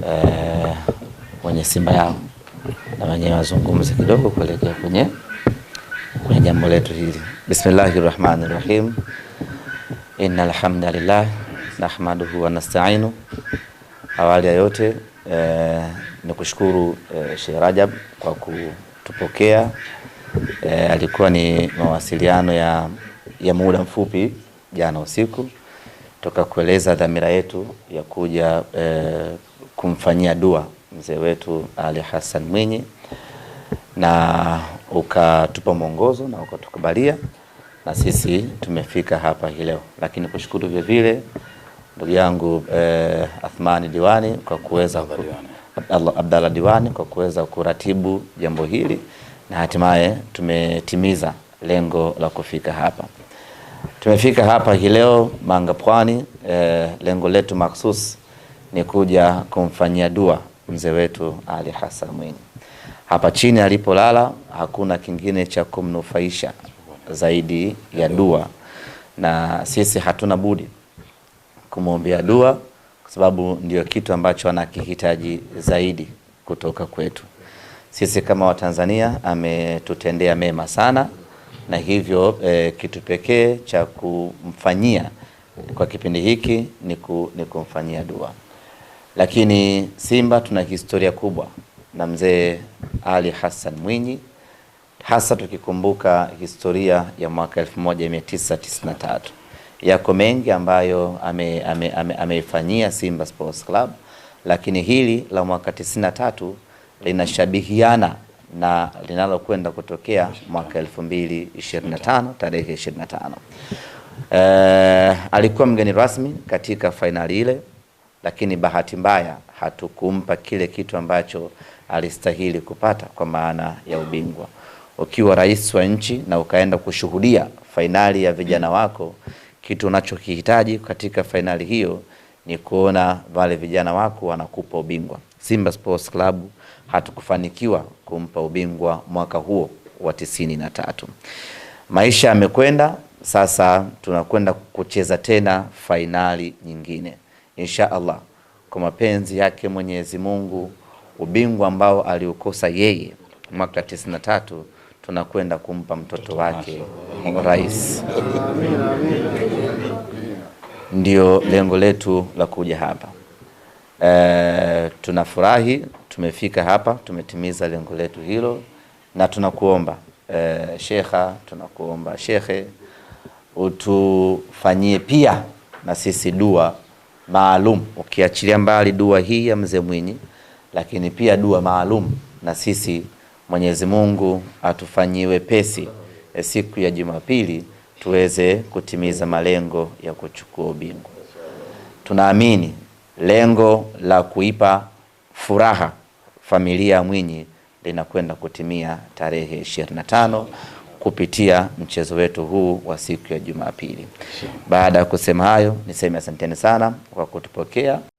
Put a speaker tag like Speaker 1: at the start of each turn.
Speaker 1: kwenye eh, wenye Simba yao na wenyewe wazungumze kidogo kuelekea kwenye kwenye jambo letu hili. Bismillahi rahmani rahim, inna alhamdulillah nahmaduhu wa nasta'inu. Awali ya yote e, ni kushukuru eh, Sheikh Rajab kwa kutupokea e, alikuwa ni mawasiliano ya, ya muda mfupi jana usiku toka kueleza dhamira yetu ya kuja e, kumfanyia dua mzee wetu Ali Hassan Mwinyi na ukatupa mwongozo na ukatukubalia na sisi tumefika hapa hii leo, lakini kushukuru vile vile ndugu yangu eh, Athmani Diwani kwa kuweza Abdalla Diwani kwa kuweza kuratibu jambo hili na hatimaye tumetimiza lengo la kufika hapa. Tumefika hapa hii leo Manga Pwani, eh, lengo letu maksus ni kuja kumfanyia dua mzee wetu Ali Hassan Mwinyi. Hapa chini alipolala hakuna kingine cha kumnufaisha zaidi ya dua, na sisi hatuna budi kumwombea dua, kwa sababu ndio kitu ambacho anakihitaji zaidi kutoka kwetu sisi kama Watanzania. Ametutendea mema sana, na hivyo e, kitu pekee cha kumfanyia kwa kipindi hiki ni kumfanyia dua. Lakini Simba tuna historia kubwa na mzee Ali Hassan Mwinyi, hasa tukikumbuka historia ya mwaka 1993 yako mengi ambayo ameifanyia ame, ame, Simba Sports Club, lakini hili la mwaka 93 linashabihiana na linalokwenda kutokea mwaka 2025 tarehe 25. Uh, eh, alikuwa mgeni rasmi katika fainali ile lakini bahati mbaya hatukumpa kile kitu ambacho alistahili kupata kwa maana ya ubingwa. Ukiwa rais wa nchi na ukaenda kushuhudia fainali ya vijana wako, kitu unachokihitaji katika fainali hiyo ni kuona wale vijana wako wanakupa ubingwa. Simba Sports Club hatukufanikiwa kumpa ubingwa mwaka huo wa tisini na tatu. Maisha yamekwenda sasa, tunakwenda kucheza tena fainali nyingine insha Allah kwa mapenzi yake Mwenyezi Mungu, ubingwa ambao aliukosa yeye mwaka tatu tunakwenda kumpa mtoto wake rais. Ndio lengo letu la kuja hapa. E, tunafurahi tumefika hapa, tumetimiza lengo letu hilo, na tunakuomba e, shekha, tunakuomba shekhe, utufanyie pia na sisi dua maalum, ukiachilia mbali dua hii ya mzee Mwinyi, lakini pia dua maalum na sisi Mwenyezi Mungu atufanyie wepesi eh, siku ya Jumapili tuweze kutimiza malengo ya kuchukua ubingwa. Tunaamini lengo la kuipa furaha familia ya Mwinyi linakwenda kutimia tarehe 25 kupitia mchezo wetu huu wa siku ya Jumapili. Baada ya kusema hayo, niseme asanteni sana kwa kutupokea